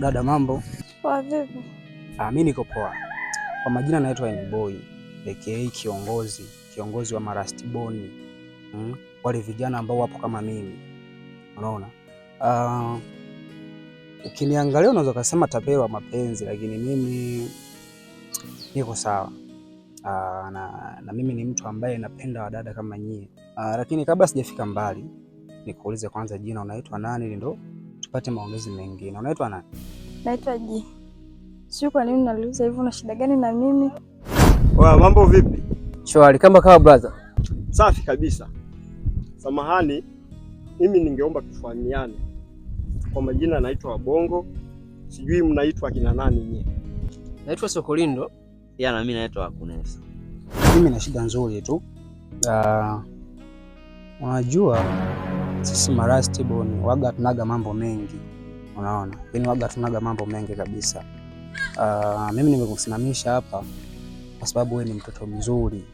Dada, mambo poa? Vipi? Ah, mimi niko poa. Kwa majina naitwa Nboy aka kiongozi kiongozi wa marastiboni mm, wale vijana ambao wapo kama mimi, unaona uh, ukiniangalia unaweza kusema tapewa mapenzi, lakini mimi niko sawa. Uh, na, na mimi ni mtu ambaye napenda wadada kama nyie. Uh, lakini kabla sijafika mbali nikuulize kwanza, jina unaitwa nani? Ndio tupate maongezi mengine. Unaitwa nani? Naitwa Ji. Sio kwa nini unaliuliza hivyo, una shida gani na mimi? Wa mambo vipi? Shwari kama kawa, brother. Safi kabisa. Samahani, mimi ningeomba tufahamiane kwa majina. Naitwa Bongo, sijui mnaitwa kina nani nyie? Naitwa Sokolindo. Ya, na mimi naitwa Kunesa. Mimi na shida nzuri tu. Uh, unajua sisi marasti boni waga tunaga mambo mengi, unaona, yaani waga tunaga mambo mengi kabisa. Uh, mimi nimekusimamisha hapa kwa sababu wewe ni mtoto mzuri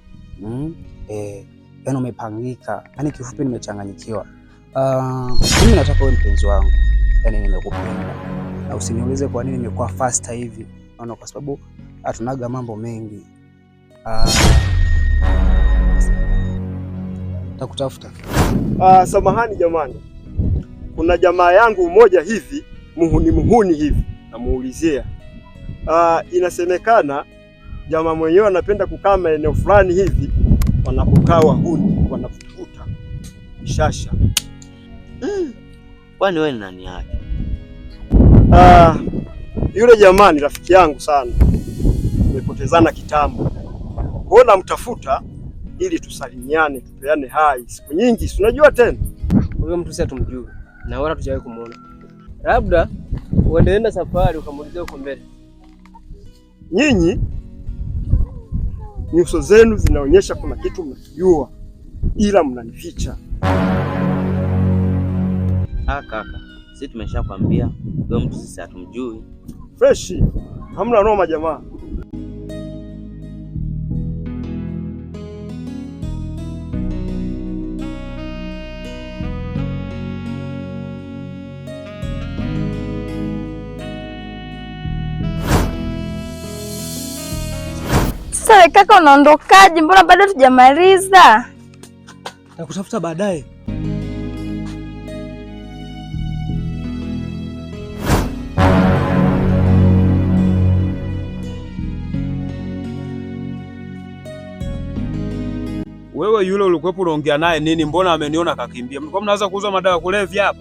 mm? Eh, yaani umepangika, yaani kifupi nimechanganyikiwa. Uh, mimi nataka wewe mpenzi wangu, yaani nimekupenda na usiniulize kwa nini nimekuwa faster hivi, unaona, kwa sababu hatunaga mambo mengi uh, ah, takutafuta Uh, samahani jamani, kuna jamaa yangu mmoja hivi muhuni muhuni hivi namuulizia. Uh, inasemekana jamaa mwenyewe anapenda kukaa maeneo fulani hivi wanapokaa wahuni wanavuta mishasha. Mm. Kwani wewe nani yake? Uh, yule jamaa ni rafiki yangu sana, tumepotezana kitambo, kuona mtafuta ili tusalimiane, tupeane hai. Siku nyingi si unajua tena, huyo mtu sisi hatumjui na wala tujawahi kumuona. Labda uendeenda safari ukamuuliza huko mbele. Nyinyi nyuso zenu zinaonyesha kuna kitu mnakijua, ila mnanificha. Ah kaka, sisi tumeshakwambia huyo mtu sisi hatumjui. Freshi, hamna noma jamaa. Sawa kaka, unaondokaje? Mbona bado tujamaliza? Nakutafuta baadaye. Wewe yule ulikuwepo unaongea naye nini? Mbona ameniona kakimbia? Mlikuwa mnaanza kuuza madawa ya kulevya hapa?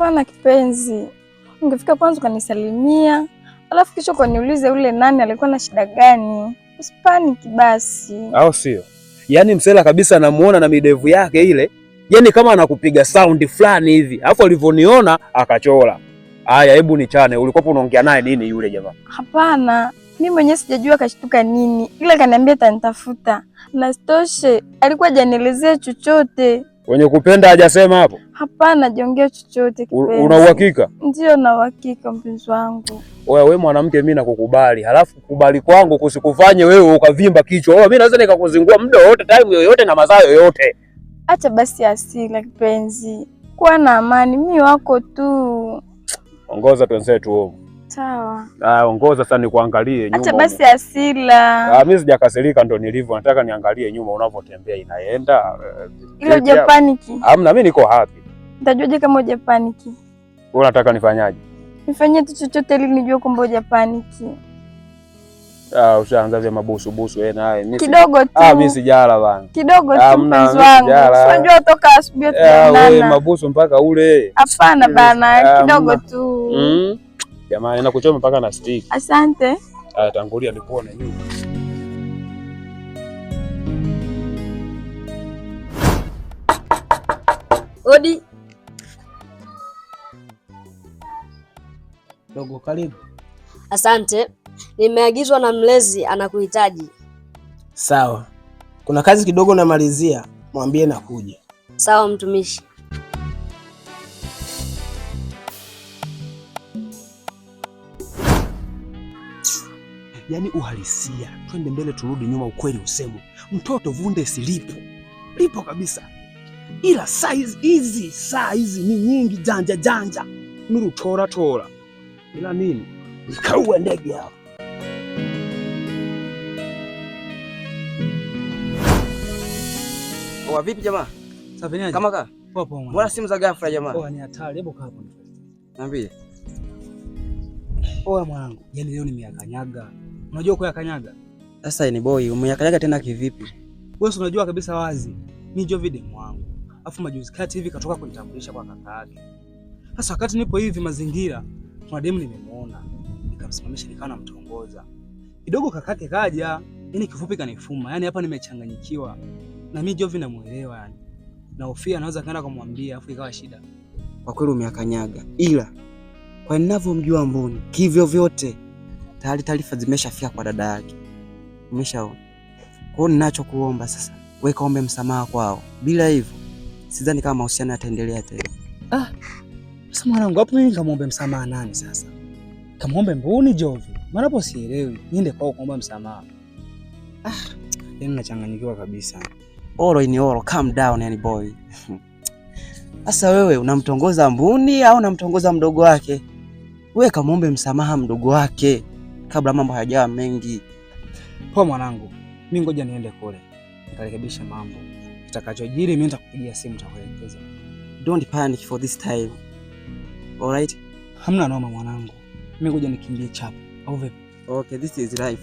Hapana kipenzi, ungefika kwanza ukanisalimia, alafu kisha ukaniulize ule nani alikuwa na shida gani. Usipaniki basi, au sio? Yaani msela kabisa anamuona na midevu yake ile, yaani kama anakupiga saundi fulani hivi, alafu alivyoniona akachola. Aya, hebu ni chane ulikuwa unaongea naye nini yule jamaa? Hapana, mimi mwenyewe sijajua kashtuka nini, ila kaniambia tanitafuta, na sitoshe alikuwa hajanielezea chochote. Wenye kupenda hajasema hapo? Hapana, hajaongea chochote kipenzi. Una uhakika? Ndio, na uhakika mpenzi wangu. Oya, we mwanamke, mimi nakukubali, halafu kubali kwangu kusikufanye wewe ukavimba kichwa. Oya, mimi naweza nikakuzingua muda wote, time yoyote na masaa yoyote. Acha basi asila kipenzi, kuwa na amani, mimi wako tu. Ongoza twenzetu. Sawa. Ah, ongoza sasa nikuangalie nyuma. Acha basi asila. Ah, mimi sijakasirika ndo nilivyo. Nataka niangalie nyuma unavyotembea inaenda. Eh, Ile uh, hujapaniki. Hamna, mimi niko happy. Nitajuaje kama hujapaniki? Wewe unataka nifanyaje? Nifanyie tu chochote ili nijue kwamba hujapaniki. Ah, ushaanza vya mabusu busu wewe eh, naye. Mimi kidogo tu. Ah, mimi sijala bana. Kidogo tu mpenzi wangu. Unajua toka asubuhi tunaonana. Ah, wewe mabusu mpaka ule. Hapana bana, ah, kidogo tu. Mm. Jamani, nakuchoma mpaka na stick. Asante. Ah, tangulia nikuone nyuma. Odi. Dogo, karibu. Asante. Nimeagizwa na mlezi anakuhitaji. Sawa. Kuna kazi kidogo namalizia, mwambie nakuja. Sawa mtumishi. yani uhalisia. Twende mbele, turudi nyuma, ukweli usemwe. Mtoto vunde silipo lipo kabisa, ila size hizi saa hizi ni nyingi janja janja, nuru tora tora, ila nini nikaua ndege hapo Wa vipi jamaa? Safi kama ka? Poa poa. Mbona simu za ghafla jamaa? Oa ni hatari. Hebu kaa hapo. Niambie. Oa mwanangu, yaani leo nimeakanyaga Unajua kuyakanyaga? Sasa ni boy, umeyakanyaga tena kivipi? Wewe unajua kabisa wazi ni Jovi demu wangu, afu majuzi kati hivi katoka kunitambulisha kwa kaka yake. Sasa wakati nipo hivi mazingira, kuna demu nimemuona, nikamsimamisha nikawa namtongoza kidogo, kakake kaja, yani kifupi kanifuma, yani hapa nimechanganyikiwa na mimi Jovi namuelewa, yani Na naofia anaweza kaenda kumwambia afu ikawa shida. Kwa kweli umeyakanyaga, ila kwa ninavyomjua Mbuni kivyo vyote tayari taarifa zimeshafika kwa dada yake, umeshaona. Kwa hiyo ninachokuomba sasa, wewe kaombe msamaha kwao, bila hivyo sidhani kama mahusiano yataendelea tena. Ah, Sasa mwanangu, hapo, mimi kamwombe msamaha nani sasa? Kamwombe mbuni Jovi? Maana hapo sielewi, niende kwao kuomba msamaha? Ah, yani nachanganyikiwa kabisa. Oro ni oro, calm down yani boy. Sasa wewe unamtongoza mbuni au unamtongoza mdogo wake? Wewe kamwombe msamaha mdogo wake, kabla mambo hayajawa mengi. Poa mwanangu, mi ngoja niende kule nikarekebisha mambo, itakachojiri mi nitakupigia simu, nitakuelekeza. Don't panic for this time. All right? Hamna noma mwanangu, mi ngoja nikimbie chapa. Okay, this is life.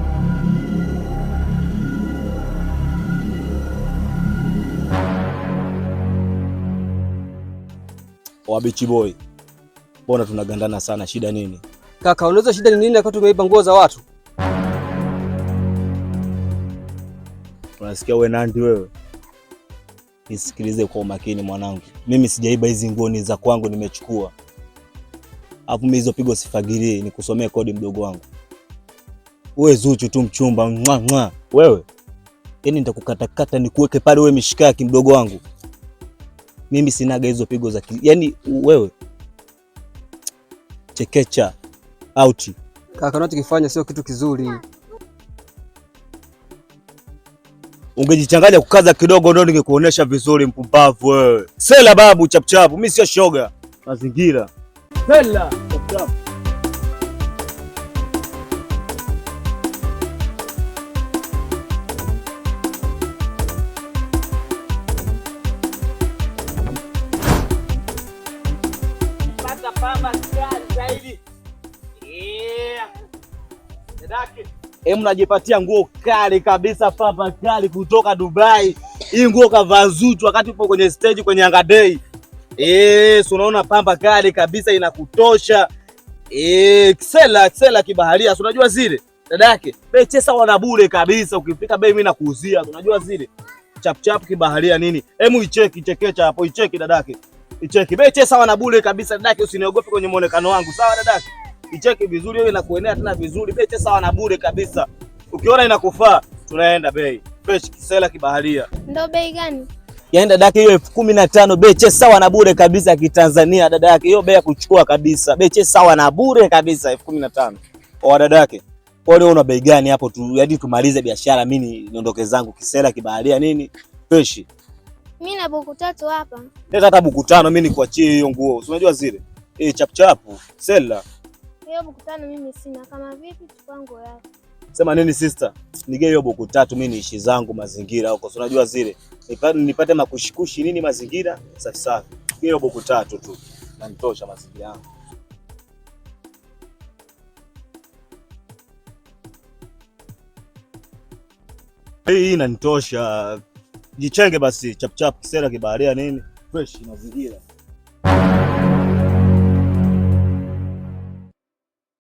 Wabichi boy, mbona tunagandana sana? Shida nini kaka? Unaweza shida ni nini wakati tumeiba nguo za watu? Unasikia we Nandi, wewe nisikilize kwa umakini mwanangu. Mimi sijaiba hizi nguo, ni za kwangu, nimechukua. Alafu mimi hizo pigo sifagirii, nikusomee kodi mdogo wangu. Wewe Zuchu tu mchumba mwa mwa. Wewe yani nitakukatakata nikuweke pale, wewe mishikaki, mdogo wangu. Mimi sinaga hizo pigo za yaani, wewe chekecha auti. Kaka, unachokifanya sio kitu kizuri. Ungejichanganya kukaza kidogo, ndio ningekuonesha vizuri. Mpumbavu wewe, sela babu chapchapu. Mimi sio shoga mazingira, sela chapchapu. Hebu najipatia nguo kali kabisa papa kali kutoka Dubai. Hii nguo kavaa Zuchu wakati upo kwenye stage kwenye Yanga Day. Eh, unaona pamba kali kabisa inakutosha. Eh, ksela ksela kibaharia. Unajua zile dada yake bei chesa wana bure kabisa, ukifika bei mimi nakuuzia. Unajua zile chap chap kibaharia nini? Hemu icheki chekecha hapo, icheki dadake. Icheki bei chesa wana bure kabisa dadake, usiniogope kwenye muonekano wangu. Sawa dadake? icheki vizuri hiyo, inakuenea tena vizuri, bei sawa na bure kabisa. Ukiona inakufaa tunaenda bei fresh, kisela kibaharia. Ndio bei gani? Yaani dada yake hiyo elfu kumi na tano bei sawa na bure kabisa ya kitanzania. Dada yake hiyo bei ya kuchukua kabisa, beche sawa na bure kabisa, elfu kumi na tano kwa dada yake. Una bei gani hapo tu, yaani tumalize biashara, mimi niondoke zangu kisela kibaharia nini fresh. Mimi na buku tatu hapa. Leta hata buku tano mimi nikuachie hiyo nguo. Si unajua zile? Eh, chapchapu, sela hiyo buku mimi sina. Kama vipi, chukua yako. Sema nini sister? Nige hiyo buku tatu mimi niishi zangu mazingira huko. Si unajua zile. Nipate, nipate makushikushi nini mazingira safi safi. Hiyo buku tatu tu. Na nitosha mazingira yangu. Hii inanitosha. Jichenge basi chapchap kisera kibaharia nini? Fresh mazingira.